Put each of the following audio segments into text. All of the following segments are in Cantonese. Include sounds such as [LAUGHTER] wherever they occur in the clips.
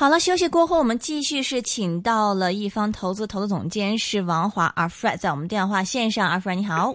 好了，休息過後，我們繼續是請到了一方投資，投資總監是王華阿 Fred 在我們電話線上，阿 Fred 你好。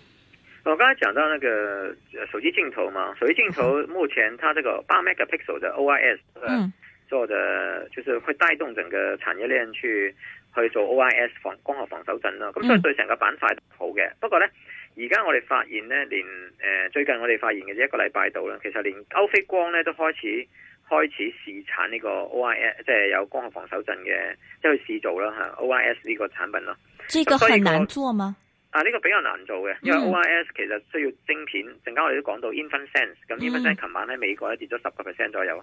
我剛才講到那個手機鏡頭嘛，手機鏡頭目前它這個八 megapixel 的 OIS，嗯，做的就是會帶動整個產業鏈去去做 OIS 防光學防手震啦，咁、嗯嗯、所以對成個板塊好嘅。不過呢，而家我哋發現呢連誒、呃、最近我哋發現嘅一個禮拜度啦，其實連歐菲光呢都開始開始試產呢個 OIS，即係有光學防手震嘅，即、就、係、是、試做啦吓 OIS 呢個產品咯。這個很難做嗎？啊，呢、這個比較難做嘅，因為 OIS 其實需要晶片。陣、mm. 間我哋都講到 Infinites，咁 Infinites 琴晚喺美國咧跌咗十個 percent 左右。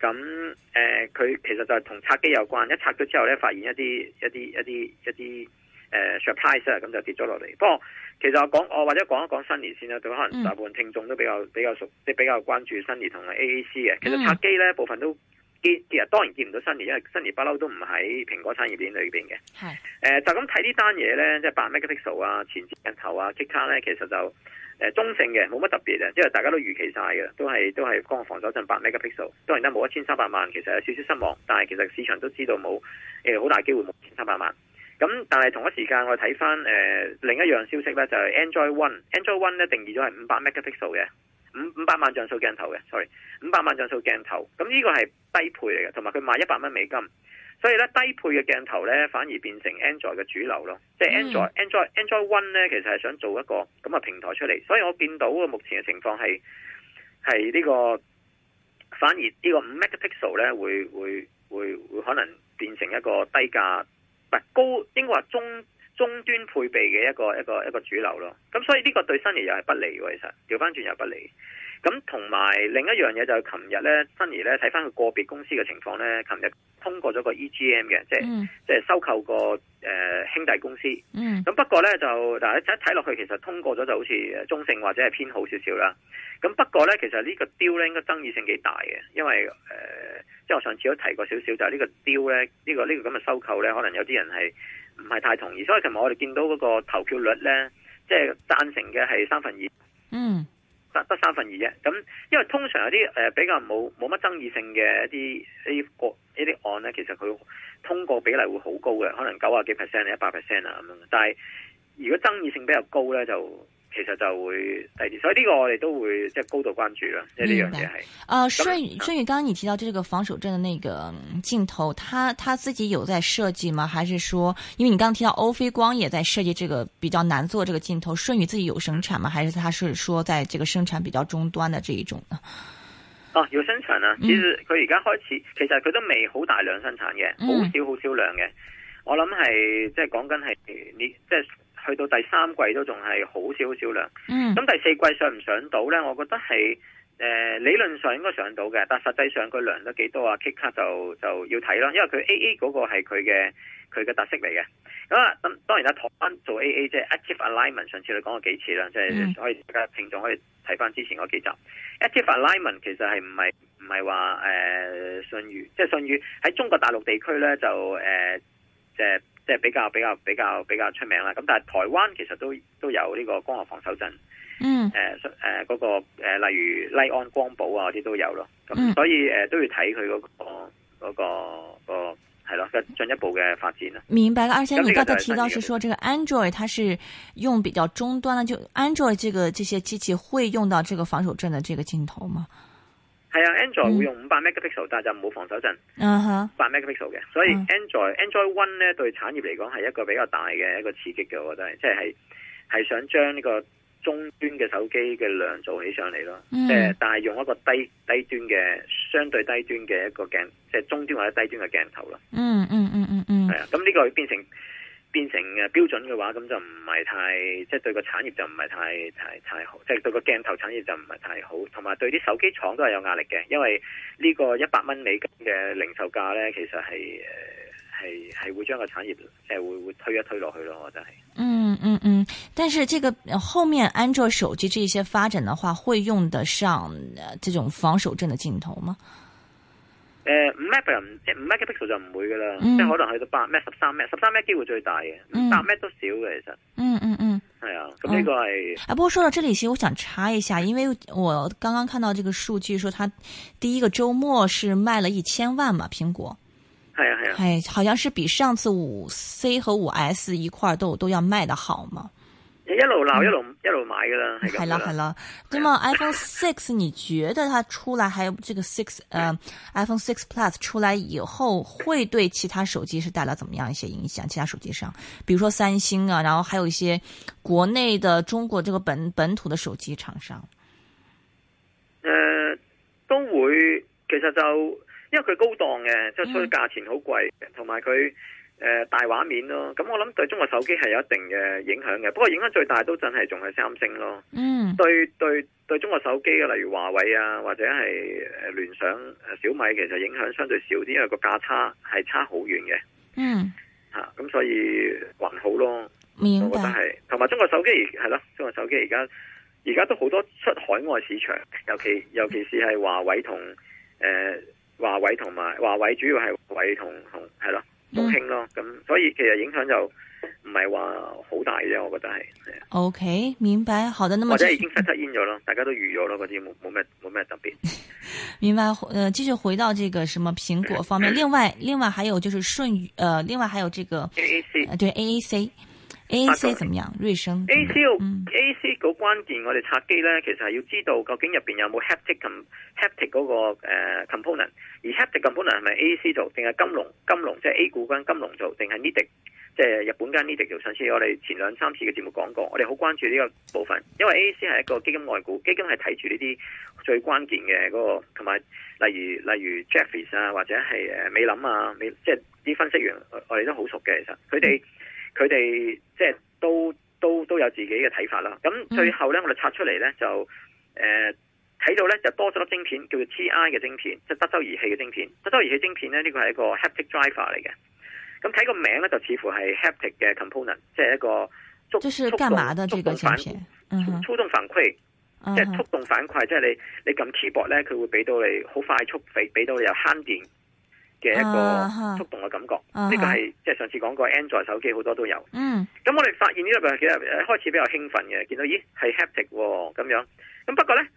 咁、mm. 誒、嗯，佢、呃、其實就係同拆機有關，一拆咗之後咧，發現一啲一啲一啲一啲誒 surprise 啊，咁、呃嗯、就跌咗落嚟。不過其實我講，我或者講一講 Sunny 先啦，對可能大部分聽眾都比較比較熟，即係比較關注 Sunny 同埋 A A C 嘅。其實拆機咧部分都。見其實當然見唔到舜宇，因為舜宇都不嬲都唔喺蘋果產業鏈裏邊嘅。係，誒、呃、就咁睇呢單嘢咧，即係八 megapixel 啊，前置鏡頭啊，k 卡咧，其實就誒、呃、中性嘅，冇乜特別嘅，即係大家都預期晒嘅，都係都係光防守陣八 megapixel，當然咧冇一千三百萬，其實有少少失望，但係其實市場都知道冇誒好大機會冇千三百萬。咁但係同一時間我睇翻誒另一樣消息咧就係、是、Android One，Android One 咧 Android One 定義咗係五百 megapixel 嘅。五五百萬像素鏡頭嘅，sorry，五百萬像素鏡頭，咁呢個係低配嚟嘅，同埋佢賣一百蚊美金，所以咧低配嘅鏡頭咧反而變成 Android 嘅主流咯，即係 Android，Android，Android、mm. Android One 咧其實係想做一個咁嘅平台出嚟，所以我見到啊目前嘅情況係係呢個反而呢個五 megapixel 咧會會會會可能變成一個低價，唔係高，應該話中。中端配備嘅一個一個一個主流咯，咁所以呢個對新兒又係不利喎，其實調翻轉又不利。咁同埋另一樣嘢就係琴日呢新兒呢睇翻個個別公司嘅情況呢，琴日通過咗個 EGM 嘅，即係即係收購個誒、呃、兄弟公司。咁、嗯、不過呢，就，大家一睇落去其實通過咗就好似中性或者係偏好少少啦。咁不過呢，其實呢個 deal 呢應該咧，個爭議性幾大嘅，因為誒、呃，即我上次都提過少少，就係、是、呢個 deal 呢，呢、這個呢、這個咁嘅收購呢，可能有啲人係。唔係太同意，所以尋日我哋見到嗰個投票率呢，即係贊成嘅係三分二，嗯，得得三分二啫。咁因為通常有啲比較冇冇乜爭議性嘅一啲呢個呢啲案呢，其實佢通過比例會好高嘅，可能九啊幾 percent、一百 percent 啊咁樣，但係如果爭議性比較高呢，就。其實就會第二，所以呢個我哋都會即係高度關注啦。即係呢樣嘢係。啊，舜宇舜宇，剛剛你提到這個防守陣的那個鏡頭，嗯、他他自己有在設計嗎？還是說，因為你剛剛提到歐菲光也在設計這個比較難做這個鏡頭，舜宇自己有生產嗎？還是他是說在這個生產比較終端的這一種呢？哦、啊，有生產啊，嗯、其實佢而家開始，其實佢都未好大量生產嘅，好、嗯、少好少量嘅。我諗係即係講緊係你即係。去到第三季都仲係好少少量，咁、嗯、第四季上唔上到咧？我覺得係誒、呃、理論上應該上到嘅，但實際上佢量得幾多啊？K 卡，卡就就要睇啦，因為佢 A A 嗰個係佢嘅佢嘅特色嚟嘅。咁、嗯、啊，咁當然啦，台灣做 A A 即係 Active Alignment，上次你講過幾次啦，即、嗯、係、就是、可以大家聽眾可以睇翻之前嗰幾集 Active Alignment 其實係唔係唔係話誒信譽，即係信譽喺中國大陸地區咧就誒、呃、即係。即係比較比較比較比較出名啦，咁但係台灣其實都都有呢個光學防手震嗯，誒誒嗰個、呃、例如麗安光寶啊啲都有咯，咁、嗯、所以誒、呃、都要睇佢嗰個嗰、那個係、那個、咯，進一步嘅發展啦。明白了，而且你剛才提到，是說這個 Android，它是用比較中端啦，就 Android 這個這些機器會用到這個防手震的這個鏡頭嗎？係啊，Android 會用五百 megapixel，但係就冇防手震，八 megapixel 嘅，所以 Android、嗯、Android One 咧對產業嚟講係一個比較大嘅一個刺激嘅，我覺得係，即係係想將呢個中端嘅手機嘅量做起上嚟咯，即、嗯、係但係用一個低低端嘅相對低端嘅一個鏡，即、就、係、是、中端或者低端嘅鏡頭咯。嗯嗯嗯嗯嗯，係、嗯嗯、啊，咁呢個變成。變成標準嘅話，咁就唔係太即係對個產業就唔係太太太好，即係對個鏡頭產業就唔係太好，同埋對啲手機廠都係有壓力嘅，因為呢個一百蚊美金嘅零售價呢，其實係會將個產業會，會推一推落去咯，我覺得係。嗯嗯嗯，但是這個後面安卓手機這些發展的話，會用得上這種防手震的鏡頭嗎？誒五 Mac 唔，五 Mac、五 Mac 就唔會㗎喇，即、嗯、係可能去到八 Mac 十三 Mac 十三 Mac 機會最大嘅，八、嗯、Mac 都少嘅其實。嗯嗯嗯，係、嗯、啊，咁呢個誒、嗯啊、不過，說到這裏，其實我想查一下，因為我剛剛看到這個數據，說它第一個週末是賣了一千萬嘛，蘋果。係啊係啊。誒、啊哎，好像是比上次五 C 和五 S 一塊都都要賣得好嘛。一路鬧、嗯、一路一路買噶啦，係啦係啦。咁啊 iPhone six 你覺得佢出來，還有這個 six，嗯、uh,，iPhone six plus 出來以後，會對其他手機是帶來怎麼樣一些影響？其他手機上，比如說三星啊，然後還有一些國內的中國這個本本土的手機廠商，誒、呃，都會其實就因為佢高檔嘅，即係所以價錢好貴，同埋佢。誒、呃，大畫面咯，咁、嗯、我諗對中國手機係有一定嘅影響嘅，不過影響最大都真係仲係三星咯。嗯、mm.，對對對中國手機嘅，例如華為啊，或者係誒聯想、小米，其實影響相對少啲，因為個價差係差好遠嘅。嗯，吓咁所以還好咯，mm. 我覺得係同埋中國手機係咯，中國手機而家而家都好多出海外市場，尤其尤其是係華為同誒華為同埋華為主要係華為同同係咯。都興咯，咁所以其實影響就唔係話好大啫，我覺得係。OK，明白，好的，那麼、就是、或者已經失失煙咗咯，大家都預咗咯，嗰啲冇冇咩冇咩特別。 [LAUGHS] 明白，呃，繼續回到這個什麼蘋果方面， [LAUGHS] 另外另外還有就是順，呃，另外還有這個 A A C，對 A A C。AAC AAC 怎麼樣？瑞聲 AAC AAC 關鍵、嗯嗯、我哋拆機咧，其實係要知道究竟入邊有冇 haptic 同 haptic 嗰個誒 component，而 haptic component 係咪 AAC 做，定係金龍？金龍即係 A 股跟金龍做，定係 Nidec？即係日本間 Nidec 做。上次我哋前兩三次嘅節目講過，我哋好關注呢個部分，因為 AAC 係一個基金外股，基金係睇住呢啲最關鍵嘅嗰個，同埋例如例如 Jefferies 啊，或者係誒美林啊，美即係啲分析員我我哋都好熟嘅，其實佢哋。嗯。佢哋即係都都都有自己嘅睇法啦。咁最後咧，我哋拆出嚟咧就誒睇、呃、到咧就多咗粒晶片，叫做 TI 嘅晶片，即、就、係、是、德州儀器嘅晶片。德州儀器晶片咧，呢個係一個 haptic driver 嚟嘅。咁睇個名咧，就似乎係 haptic 嘅 component，即係一個觸動反，觸動反饋即係觸動反饋，反饋嗯、即係、就是、你你撳 keyboard 咧，佢會俾到你好快速，俾俾到你有慳電，嘅一個觸動嘅感覺，呢、uh -huh. uh -huh. 個係即係上次講過 Android 手機好多都有。嗯，咁我哋發現呢個其實開始比較興奮嘅，見到咦係 haptic 咁、哦、樣。咁不過呢，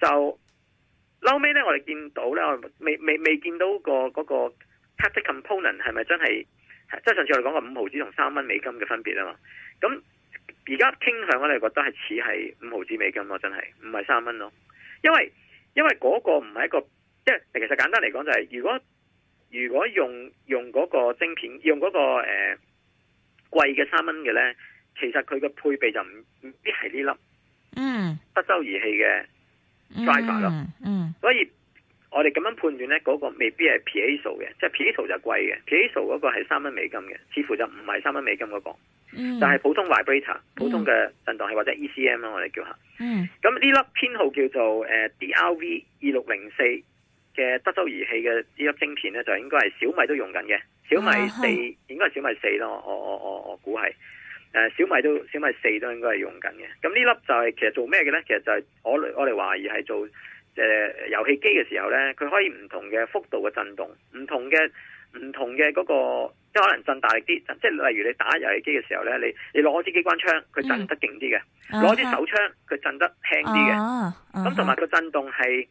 就後尾呢，我哋見到呢，我未未未見到、嗰個嗰、嗰個 haptic component 係咪真係？即、就、係、是、上次我哋講過五毫子同三蚊美金嘅分別啊嘛。咁而家傾向我哋覺得係似係五毫子美金咯，真係唔係三蚊咯。因為因為嗰個唔係一個，即係其實簡單嚟講就係、是、如果。如果用用那個晶片，用嗰、那個誒貴嘅三蚊嘅咧，其實佢嘅配備就唔唔必係呢粒，嗯，德州儀器嘅 driver 咯，嗯，所以我哋咁樣判斷咧，嗰、那個未必係 Piezo 嘅，即係 Piezo 就貴嘅，Piezo 嗰個係三蚊美金嘅，似乎就唔係三蚊美金嗰、那個，嗯，但係普通 vibrator，普通嘅震動器、嗯、或者 ECM 咯、啊，我哋叫下，嗯，咁呢粒編號叫做誒 DRV 二六零四。呃 DRV2604, 嘅德州儀器嘅呢粒晶片咧，就應該係小米都用緊嘅。小米四 [NOISE] 應該係小米四咯，我我我我估係。誒、uh，小米都小米四都應該係用緊嘅。咁呢粒就係、是、其實做咩嘅咧？其實就係我我哋懷疑係做誒遊戲機嘅時候咧，佢可以唔同嘅幅度嘅震動，唔同嘅唔同嘅嗰、那個即係可能震大力啲，即係例如你打遊戲機嘅時候咧，你你攞支機關槍，佢震得勁啲嘅；攞 [NOISE] 支手槍，佢震得輕啲嘅。咁同埋個震動係。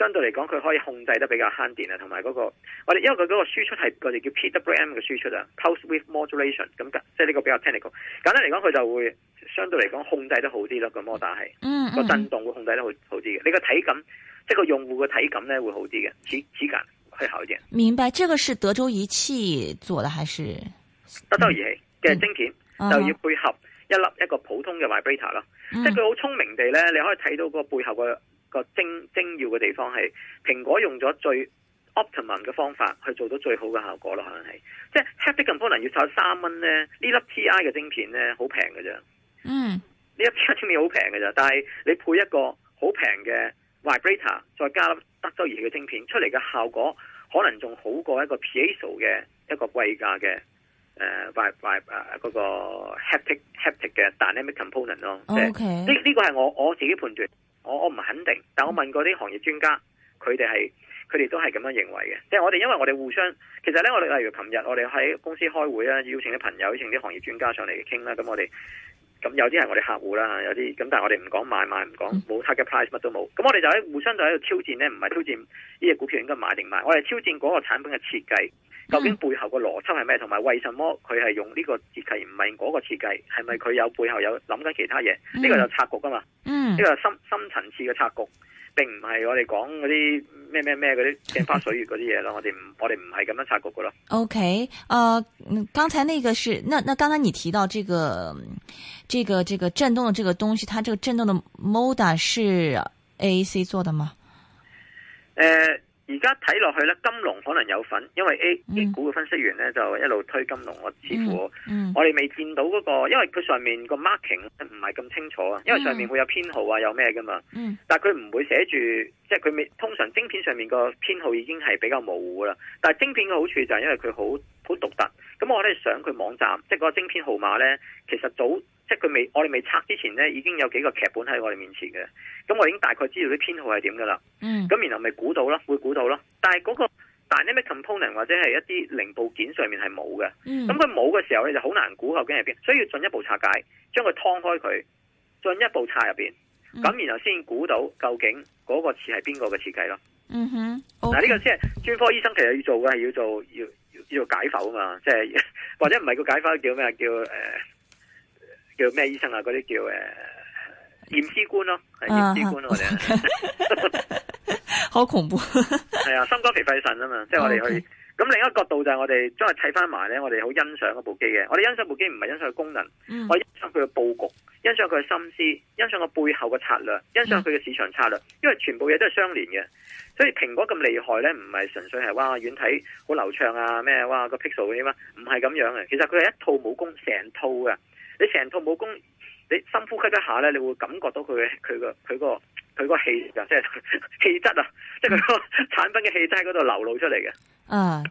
相對嚟講，佢可以控制得比較慳電啊，同埋嗰個我哋因為佢嗰個輸出係我哋叫 PWM 嘅輸出啊 pulse width modulation 咁即係呢個比較 technical。簡單嚟講，佢就會相對嚟講控制得好啲咯。個摩打係個、嗯、震動會控制得好好啲嘅，你個體感、嗯、即係個用戶嘅體感咧會好啲嘅指指感會好一點。明白，這個是德州儀器做的還是德州儀器嘅晶片、嗯、就要配合一粒一個普通嘅 vibrator 咯、嗯嗯，即係佢好聰明地咧，你可以睇到個背後嘅。個精精要嘅地方係蘋果用咗最 optimum 嘅方法去做到最好嘅效果咯，可能係即係 haptic component 要炒三蚊咧，呢粒 TI 嘅晶片咧好平嘅啫。嗯，呢粒 TI 晶片好平嘅啫，但係你配一個好平嘅 vibrator，再加粒德州儀器嘅晶片出嚟嘅效果，可能仲好過一個 piezo 嘅一個貴價嘅誒 vib vib 誒嗰個 haptic haptic 嘅 dynamic component 咯。O K，呢呢個係我我自己判斷。我我唔肯定，但我問過啲行業專家，佢哋係佢哋都係咁樣認為嘅。即係我哋，因為我哋互相，其實咧，我哋例如琴日，我哋喺公司開會啦，邀請啲朋友，邀請啲行業專家上嚟傾啦。咁我哋咁有啲係我哋客戶啦，有啲咁，但係我哋唔講買賣，唔講冇 target price，乜都冇。咁我哋就喺互相就喺度挑戰呢，唔係挑戰呢隻股票應該買定賣，我哋挑戰嗰個產品嘅設計，究竟背後個邏輯係咩？同埋為什麼佢係用呢個設計，唔係嗰個設計？係咪佢有背後有諗緊其他嘢？呢個有策略噶嘛？呢、這個深深層次嘅拆局，並唔係我哋講嗰啲咩咩咩嗰啲鏡花水月嗰啲嘢咯，我哋唔我哋唔係咁樣拆局嘅咯。OK，啊、呃，剛才那個是，那那剛才你提到這個，這個這個震動的這個東西，它這個震動的 moda 是 AAC 做的嗎？誒、呃。而家睇落去咧，金龍可能有份，因為 A 股嘅分析員咧就一路推金龍，嗯，我似乎我哋未見到嗰個，因為佢上面個 marking 唔係咁清楚啊，因為上面會有編號啊，有咩噶嘛，但係佢唔會寫住，即係佢未通常晶片上面個編號已經係比較模糊啦，但係晶片嘅好處就係因為佢好好獨特。咁我哋上佢網站，即係嗰個晶片編號碼呢，其實早即係佢未，我哋未拆之前呢，已經有幾個劇本喺我哋面前嘅。咁我已經大概知道啲編號係點㗎啦。咁、嗯、然後咪估到咯，會估到咯。但係嗰個，但係呢啲 component 或者係一啲零部件上面係冇嘅。咁佢冇嘅時候呢，就好難估究竟係邊，所以要進一步拆解，將佢劏開佢，進一步拆入邊。咁然後先估到究竟嗰個詞係邊個嘅設計咯。嗱、嗯、okay，呢個先係專科醫生其實要做嘅係要做要。叫做解剖啊嘛，即係或者唔係個解剖叫咩叫誒，叫咩、呃、醫生啊？嗰啲叫誒驗屍官咯，係驗屍官我哋、okay.。 [LAUGHS] 好恐怖。係啊，心肝脾肺腎啊嘛，即係我哋去。咁、okay. 另一個角度就係我哋將佢砌翻埋咧，我哋好欣賞嗰部機嘅。我哋欣賞部機唔係欣賞佢功能，uh -huh. 我欣賞佢嘅布局。欣賞佢嘅心思，欣賞佢背後嘅策略，欣賞佢嘅市場策略，因為全部嘢都係相連嘅。所以蘋果咁厲害呢，唔係純粹係哇軟體好流暢啊咩，哇，什麼哇個 pixel 嗰啲嘛，唔係咁樣嘅。其實佢係一套武功，成套嘅。你成套武功，你深呼吸一下呢，你會感覺到佢嘅佢個佢個佢個氣，即係氣質啊，即係佢、嗰個產品嘅氣質喺嗰度流露出嚟嘅。啊、uh.！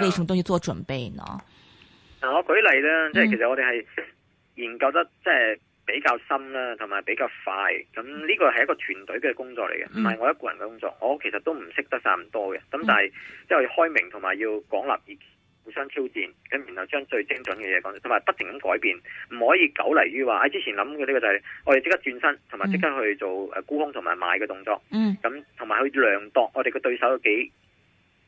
[MUSIC] 為什麼要做準備呢？嗱，我舉例呢，即係其實我哋係研究得即係比較深啦，同、嗯、埋比較快。咁呢個係一個團隊嘅工作嚟嘅，唔係我一個人嘅工作、嗯。我其實都唔識得晒咁多嘅。咁但係即係要開明，同埋要廣納意見，互相挑戰，咁然後將最精準嘅嘢講同埋不停咁改變，唔可以久利於話，哎之前諗嘅呢個就係我哋即刻轉身，同埋即刻去做誒沽空同埋買嘅動作。嗯。咁同埋去量度我哋嘅對手有幾。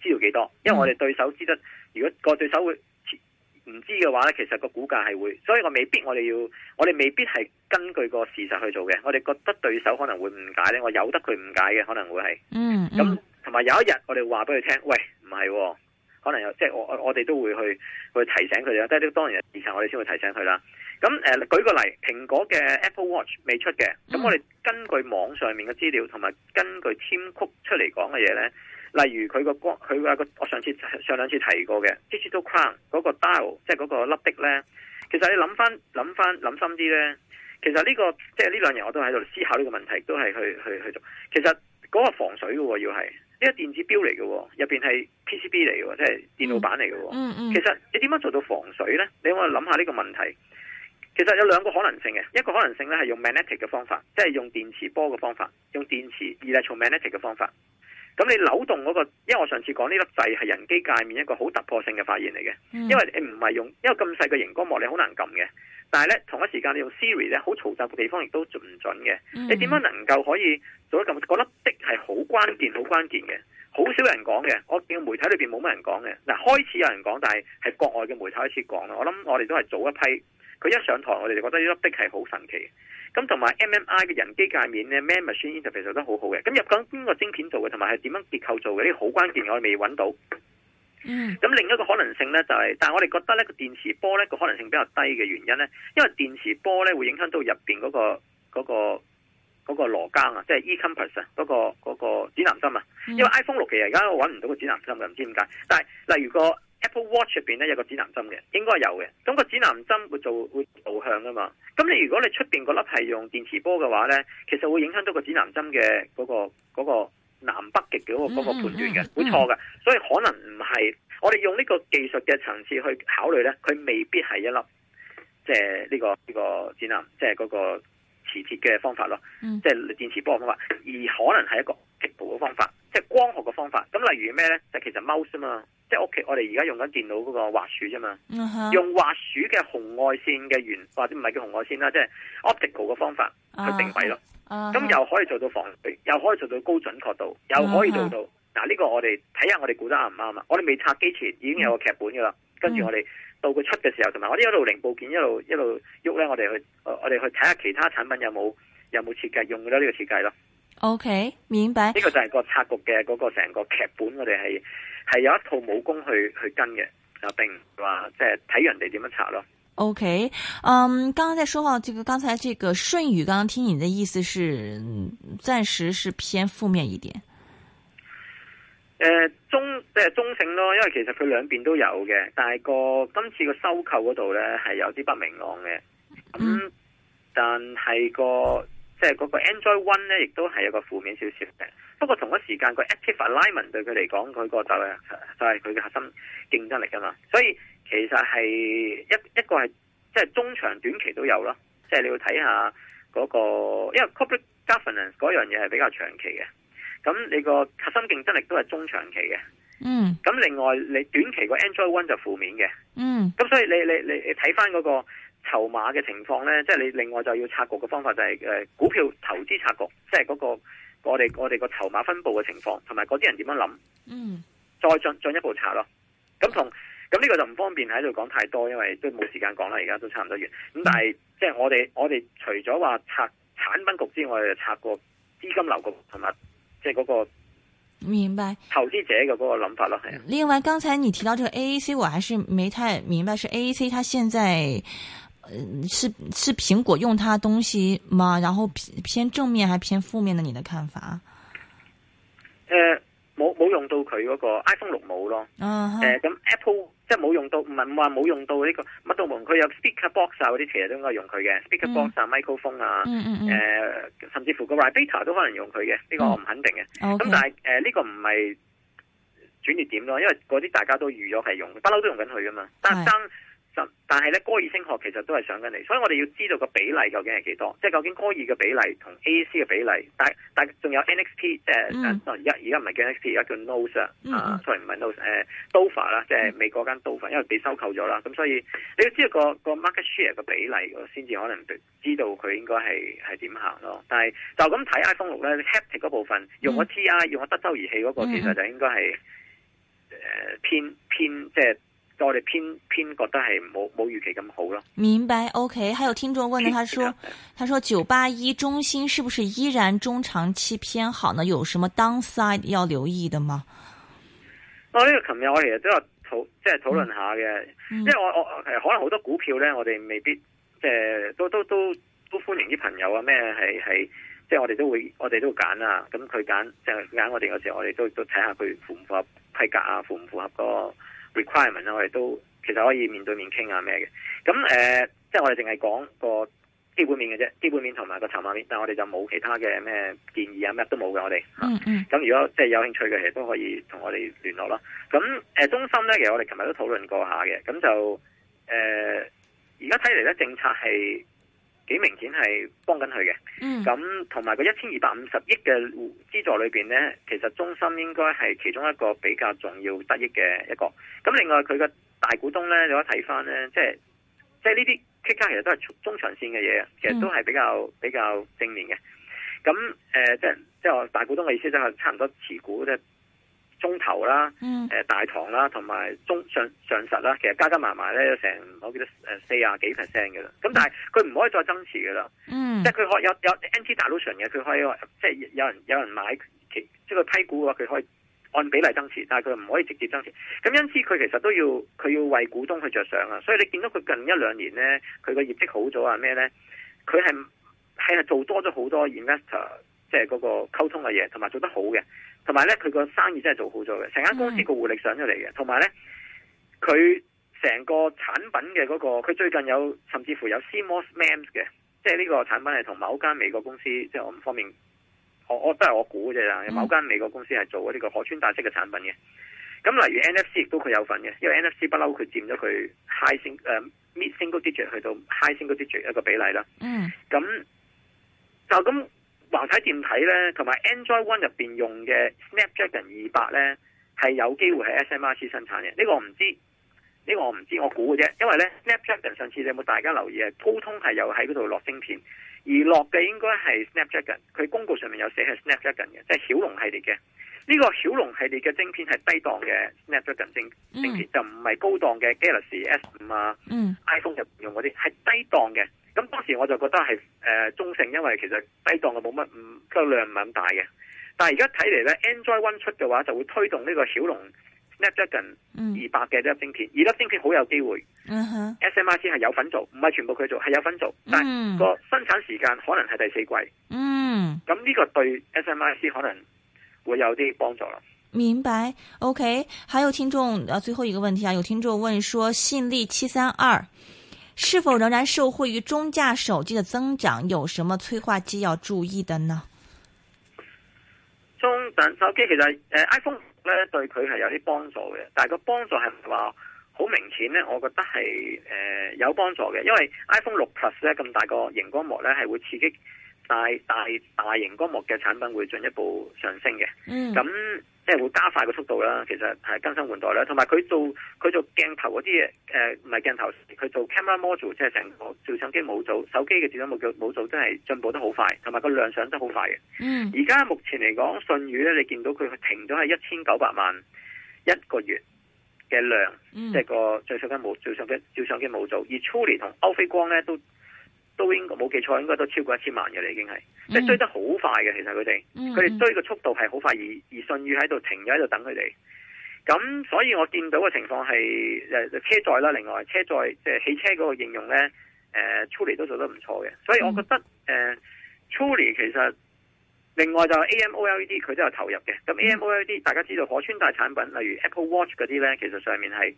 需要幾多？因為我哋對手知得，如果個對手會唔知嘅話咧，其實個股價係會，所以我未必我哋要，我哋未必係根據個事實去做嘅。我哋覺得對手可能會誤解咧，我由得佢誤解嘅，可能會係。嗯，咁同埋有一日我哋話俾佢聽，喂，唔係，哦，可能有，即係我我哋都會去去提醒佢嘅，都係當然，之前我哋先會提醒佢啦。咁誒、呃，舉個例，蘋果嘅 Apple Watch 未出嘅，咁我哋根據網上面嘅資料，同埋根據 Tim Cook 出嚟講嘅嘢咧。例如佢個光，佢個個我上次上兩次提過嘅 Digital Crown 嗰個 dial，即係嗰個粒的呢，其實你諗翻諗翻諗深啲呢，其實呢、這個即係呢兩日我都喺度思考呢個問題，都係去去，去做。其實嗰個防水嘅要係呢個電子表嚟嘅，入邊係 PCB 嚟嘅，即係電路板嚟嘅。嗯，其實你點樣做到防水呢？你我諗下呢個問題。其實有兩個可能性嘅，一個可能性呢，係用 magnetic 嘅方法，即係用電磁波嘅方法，用電磁而係從 magnetic 嘅方法。咁你扭動嗰、那個，因為我上次講呢粒掣係人機界面一個好突破性嘅發現嚟嘅，因為你唔係用，因為咁細嘅熒光幕你好難撳嘅，但係呢，同一時間你用 Siri 呢，好嘈雜嘅地方亦都做唔準嘅、嗯，你點樣能夠可以做得咁？嗰粒的係好關鍵，好關鍵嘅，好少人講嘅，我見媒體裏邊冇乜人講嘅，嗱開始有人講，但係係國外嘅媒體開始講，我諗我哋都係早一批，佢一上台我哋就覺得呢粒的係好神奇。咁同埋 M M I 嘅人機界面咧，Man Machine Mm-hmm. Interface 都做得好好嘅。咁入講邊個晶片做嘅，同埋係點樣結構做嘅？呢、這、好、個、關鍵我哋未揾到。嗯。咁另一個可能性咧，就係、是，但係我哋覺得咧個電磁波咧個可能性比較低嘅原因咧，因為電磁波咧會影響到入邊嗰個嗰、那個嗰、那個羅庚啊，即、那、係、個就是、E Compass 啊、那個，嗰個嗰個指南針啊。Mm -hmm. 因為 iPhone 六其實而家我揾唔到個指南針嘅，唔知點解。但係例如個。Apple Watch 入邊咧有個指南針嘅，應該有嘅。咁個指南針會做會導向噶嘛？咁你如果你出邊嗰粒係用電磁波嘅話咧，其實會影響到個指南針嘅嗰個嗰個南北極嘅嗰個嗰個判斷嘅，會錯嘅。所以可能唔係我哋用呢個技術嘅層次去考慮咧，佢未必係一粒即係呢個呢個指南，即係嗰個磁鐵嘅方法咯，即係 Mm-hmm. 電磁波嘅方法，而可能係一個極暴嘅方法。即係光學嘅方法，咁例如咩咧？就其實 mouse 啫嘛，即係屋企我哋而家用緊電腦嗰個滑鼠啫嘛，uh -huh. 用滑鼠嘅紅外線嘅原，或者唔係叫紅外線啦，即係 optical 嘅方法、uh -huh. 去定位咯。咁、uh -huh. 又可以做到防水，又可以做到高準確度，又可以做到。嗱，呢個我哋睇下我哋估得啱唔啱啊？我哋未拆機前已經有個劇本噶啦，跟住、uh -huh. 我哋到佢出嘅時候，同埋我哋一路零部件一路一路喐咧，我哋去我哋去睇下其他產品有冇有冇設計用咗呢個設計咯。O、okay, K，明白。呢、這個就係個拆局嘅嗰個成個劇本，我哋係係有一套武功去去跟嘅，阿並唔話即係睇人哋點樣拆咯。O、okay, K，嗯，剛剛在說話，這個剛才這個順語剛剛聽你的意思是，是暫時是偏負面一點。誒、呃，中即係中性咯，因為其實佢兩邊都有嘅，但係個今次個收購嗰度呢係有啲不明朗嘅，咁、嗯嗯、但係個。即係嗰個 Android One 咧，亦都係一個負面少少嘅。不過同一時間個 Active Alignment 對佢嚟講，佢覺得咧就係佢嘅核心競爭力啊嘛。所以其實係一一個係即係中長短期都有咯。即係你要睇下嗰個，因為 Corporate Governance 嗰樣嘢係比較長期嘅。咁你個核心競爭力都係中長期嘅。嗯。咁另外你短期個 Android One 就負面嘅。嗯。咁所以你你你睇翻嗰個。籌碼嘅情況呢，即係你另外就要拆局嘅方法就係誒，股票投資拆局，即係嗰個我哋我哋個籌碼分布嘅情況，同埋嗰啲人點樣諗，嗯，再進進一步拆咯。咁同咁呢個就唔方便喺度講太多，因為都冇時間講啦。而家都差唔多完咁，但係即係我哋我哋除咗話拆產品局之外，就拆個資金流局同埋即係嗰個,個，明白投資者嘅嗰個諗法咯。係，另外，剛才你提到這個 AAC，我還是沒太明白，是 AAC 它現在。嗯，是是蘋果用佢東西嗎？然後偏正面還偏負面呢？你的看法？誒、呃，冇冇用到佢嗰、那個 iPhone 六冇咯。咁、uh -huh. 呃、Apple 即係冇用到，唔係話冇用到呢、這個乜都冇。佢有 Speaker Box 啊，嗰啲其實都應該用佢嘅 Speaker Box 啊，microphone、嗯、啊，誒、嗯嗯嗯呃，甚至乎個 vibrator 都可能用佢嘅呢個，我唔肯定嘅。咁、嗯 okay. 但係誒呢個唔係轉捩點咯，因為嗰啲大家都預咗係用，不嬲都用緊佢噶嘛，但、hey. 係但係咧，歌爾聲學其實都係上緊嚟，所以我哋要知道個比例究竟係幾多，即係究竟歌爾嘅比例同 A C 嘅比例，但但仲有 N X P 即係一而家唔係 N X P 而家叫，叫 NOS 啊 sorry 唔係 NOS 誒，Dofer 啦，即、嗯、係、呃、美國間 Dofer 因為被收購咗啦，咁所以你要知道、那個、那個 market share 嘅比例，我先至可能知道佢應該係係點行咯。但係就咁睇 iPhone 六咧，Haptic 嗰部分用我 T I 用我德州儀器嗰、那個、嗯嗯，其實就應該係誒偏偏即係。我哋偏偏覺得係冇冇預期咁好咯。明白，OK。還有聽眾問到，他說，他說九八一中心是不是依然中長期偏好呢？有什麼 downside 要留意的嗎？哦，呢、這個琴日我哋都有討，即係討論下嘅、嗯。因為我我可能好多股票咧，我哋未必即係、呃、都都都都歡迎啲朋友啊。咩係係？即係、就是、我哋都會，我哋都揀啊。咁佢揀，即係揀我哋嘅時候，我哋都都睇下佢符唔符合規格啊，符唔符合個。Requirement 我哋都其實可以面對面傾下咩嘅。咁、呃、即係我哋淨係講個基本面嘅啫，基本面同埋個籌碼面，但我哋就冇其他嘅咩建議啊咩都冇嘅，我哋。咁、 [LAUGHS] 啊、如果即係有興趣嘅、呃，其實都可以同我哋聯絡啦。咁誒，中心咧，其實我哋琴日都討論過下嘅。咁就誒，而家睇嚟咧，政策係。幾明顯係幫緊佢嘅，嗯、咁同埋個一千二百五十億嘅資助裏邊咧，其實中心應該係其中一個比較重要得益嘅一個。咁另外佢嘅大股東咧，你可以睇翻咧，即係即係呢啲，其實都係中長線嘅嘢，其實都係比較、嗯、比較正面嘅。咁誒、呃，即係即係我大股東嘅意思，即係差唔多持股即係。中投啦、呃，大堂啦，同埋中上上實啦，其實加加埋埋咧有成我記得四廿幾 percent 嘅啦。咁但係佢唔可以再增持㗎啦、嗯，即係佢可有有 anti-dilution 嘅，佢可以話即係有人有人買其即係個批股嘅話，佢可以按比例增持，但係佢唔可以直接增持。咁因此佢其實都要佢要為股東去着想啊。所以你見到佢近一兩年咧，佢個業績好咗啊咩咧？佢係係做多咗好多 investor。即係、那、嗰個溝通嘅嘢，同埋做得好嘅，同埋咧佢個生意真係做好咗嘅，成間公司個活力上出嚟嘅，同埋咧佢成個產品嘅嗰、那個，佢最近有甚至乎有 CMOS MEMS 嘅，即係呢個產品係同某間美國公司，即係我唔方便，我我都係我估嘅啦，某間美國公司係做呢、這個可穿戴式嘅產品嘅，咁例如 NFC 亦都佢有份嘅，因為 NFC 不嬲佢佔咗佢 high 誒、uh, mid single digit 去到 high single digit 一個比例啦，嗯、mm.，咁就咁。具睇點睇咧，同埋 Android One 入邊用嘅 Snapdragon 200咧，係有機會喺 SMRC 生產嘅。呢個我唔知，呢個我唔知，我估嘅啫。因為咧，Snapdragon 上次你有冇大家留意啊？高通係有喺嗰度落晶片，而落嘅應該係 Snapdragon。佢公告上面有寫係 Snapdragon 嘅，即係小龍系列嘅。呢個小龍系列嘅晶片係低檔嘅 Snapdragon 晶晶片，就唔係高檔嘅 Galaxy S 五啊，iPhone 入用嗰啲，係低檔嘅。咁當時我就覺得係誒、呃、中性，因為其實低檔嘅冇乜佢量唔係咁大嘅。但係而家睇嚟咧，Android One 出嘅話就會推動呢個小龍，Snapdragon 二百嘅一粒晶片，嗯、二粒晶片好有機會。嗯、SMIC 係有份做，唔係全部佢做，係有份做，但、嗯個生產時間可能係第四季。嗯，咁呢個對 SMIC 可能會有啲幫助啦。明白。OK，還有聽眾啊，最後一個問題啊，有聽眾問說信利七三二。是否仍然受惠於中價手機嘅增長？有什麼催化劑要注意的呢？中等手機其實、呃、，iPhone 咧，對佢係有啲幫助嘅，但係個幫助係唔係話好明顯呢？我覺得係誒、呃、有幫助嘅，因為 iPhone 六 Plus 咧，咁大個螢光幕咧，係會刺激大大大型光幕嘅產品會進一步上升嘅。嗯，咁。即係會加快個速度啦，其實係更新換代啦，同埋佢做佢做鏡頭嗰啲嘢，誒唔係鏡頭，佢做 camera module，即係成個照相機模組，手機嘅攝影模組模組真係進步得好快，同埋個量上得好快嘅。嗯，而家目前嚟講，舜宇咧，你見到佢停咗係一千九百萬一個月嘅量，mm. 即係個照相機模照相機照相機模組，而信利同歐菲光咧都。都應該冇記錯，應該都超過一千萬嘅啦，已經係，即係追得好快嘅，其實佢哋，佢哋，mm-hmm. 追嘅速度係好快，而而舜宇喺度停咗喺度等佢哋。咁所以我見到嘅情況係誒車載啦，另外車載即係、就是、汽車嗰個應用咧，誒、呃、Truly 都做得唔錯嘅，所以我覺得誒 Truly 其實。另外就係 AMOLED，佢都有投入嘅。咁 AMOLED 大家知道可穿戴產品，例如 Apple Watch 嗰啲呢，其實上面係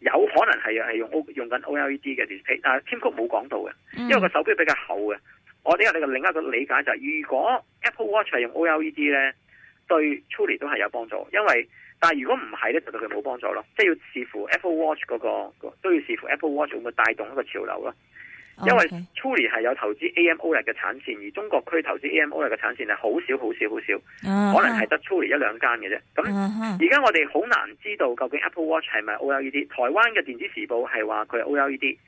有可能係用 O 用緊 OLED 嘅 display。啊，Tim Cook 冇講到嘅，因為個手錶比較厚嘅。我呢有你另一個理解就係、是，如果 Apple Watch 係用 OLED 呢，對 Truly 都係有幫助，因為但係如果唔係呢，就對佢冇幫助咯。即係要視乎 Apple Watch 嗰、那個都要視乎 Apple Watch 會唔會帶動一個潮流咯。因為 Truly 係有投資 AMOLED 嘅產線，而中國區投資 AMOLED 嘅產線係好少好少好少，可能係得 Truly 一兩間嘅啫。咁而家我哋好難知道究竟 Apple Watch 係咪 OLED？台灣嘅電子時報係話佢係 OLED，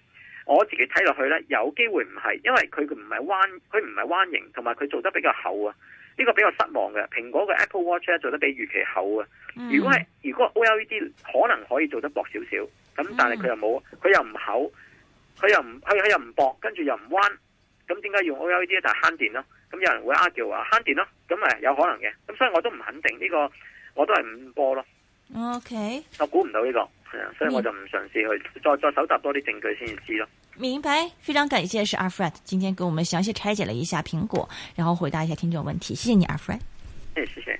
我自己睇落去呢，有機會唔係，因為佢唔係彎，佢唔係彎形，同埋佢做得比較厚啊。呢個比較失望嘅。蘋果嘅 Apple Watch 咧做得比預期厚啊。如果係如果 OLED 可能可以做得薄少少，咁但係佢又冇，佢又唔厚。佢又唔佢佢又唔薄，跟住又唔彎，咁點解用 OLED 咧？就慳電咯。咁有人會 argue 話慳電咯，咁誒有可能嘅。咁所以我都唔肯定呢個，我都係唔播咯。OK，我估唔到呢個係啊，所以我就唔嘗試去再再搜集多啲證據先至知咯。明白，非常感謝是阿 Fred，今天給我們詳細拆解了一下蘋果，然後回答一下聽眾問題。謝謝你，阿 Fred。謝謝。